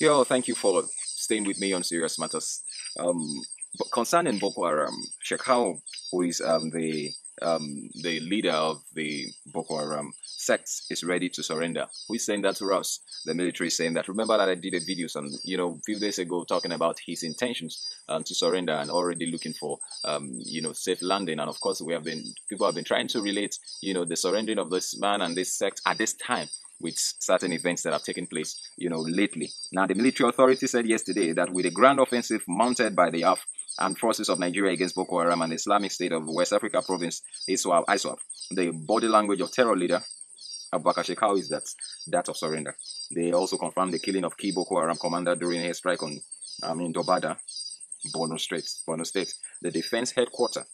Yo, thank you for staying with me on Serious Matters. Um, but concerning Boko Haram, Sheikh Hao, who is um, the um, the leader of the Boko Haram sect, is ready to surrender. Who is saying that to us? The military is saying that. Remember that I did a video some you know few days ago talking about his intentions um, to surrender and already looking for um, you know safe landing. And of course, we have been people have been trying to relate you know the surrendering of this man and this sect at this time with certain events that have taken place, you know, lately. Now, the military authority said yesterday that with a grand offensive mounted by the AF and forces of Nigeria against Boko Haram and Islamic State of West Africa Province, ISWAP, ISWAP. The body language of terror leader Abubakar Shekau is that, that of surrender. They also confirmed the killing of key Boko Haram commander during a strike on, I mean, Dobada, Borno State. Borno State. The defense headquarters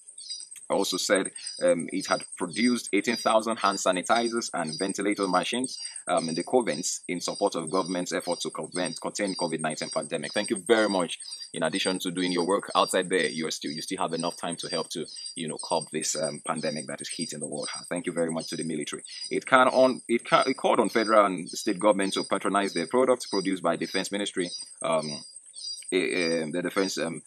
also said um, it had produced 18,000 hand sanitizers and ventilator machines um, in the Covens in support of government's effort to prevent, contain COVID-19 pandemic. Thank you very much. In addition to doing your work outside there, you still you still have enough time to help to you know curb this um, pandemic that is hitting the world. Thank you very much to the military. It can on it, can, it called on federal and state governments to patronize their products produced by defense ministry. Um, Eh, eh, the Defense um,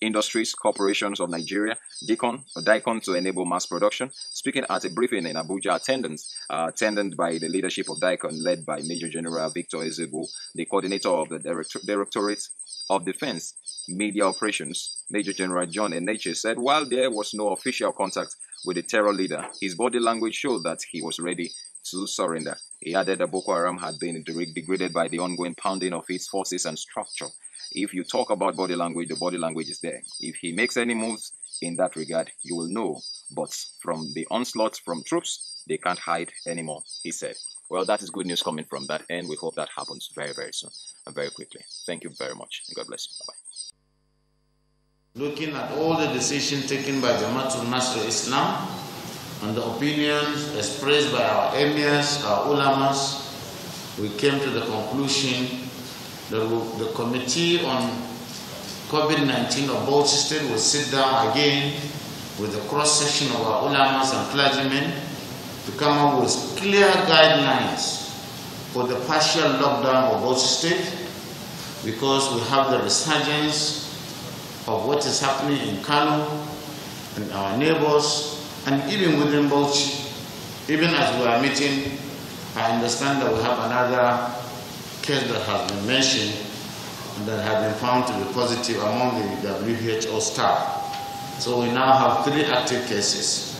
Industries Corporations of Nigeria, DICON, or DICON to enable mass production, speaking at a briefing in Abuja attendance, uh, attended by the leadership of DICON led by Major General Victor Ezebo, the coordinator of the Director- Directorate of Defense Media Operations, Major General John Eneche said while there was no official contact with the terror leader, his body language showed that he was ready to surrender. He added that Boko Haram had been degraded by the ongoing pounding of its forces and structure if you talk about body language, the body language is there. If he makes any moves in that regard, you will know. But from the onslaught from troops, they can't hide anymore, he said. Well, that is good news coming from that end. We hope that happens very, very soon and very quickly. Thank you very much. God bless you. Bye bye. Looking at all the decisions taken by Jamaatul Nasr Islam and the opinions expressed by our emirs, our ulamas, we came to the conclusion the, the committee on COVID-19 of both State will sit down again with the cross-section of our ulamas and clergymen to come up with clear guidelines for the partial lockdown of both State because we have the resurgence of what is happening in Kano and our neighbors and even within Bauchi. Even as we are meeting, I understand that we have another case that has been mentioned and that have been found to be positive among the WHO staff. So we now have three active cases.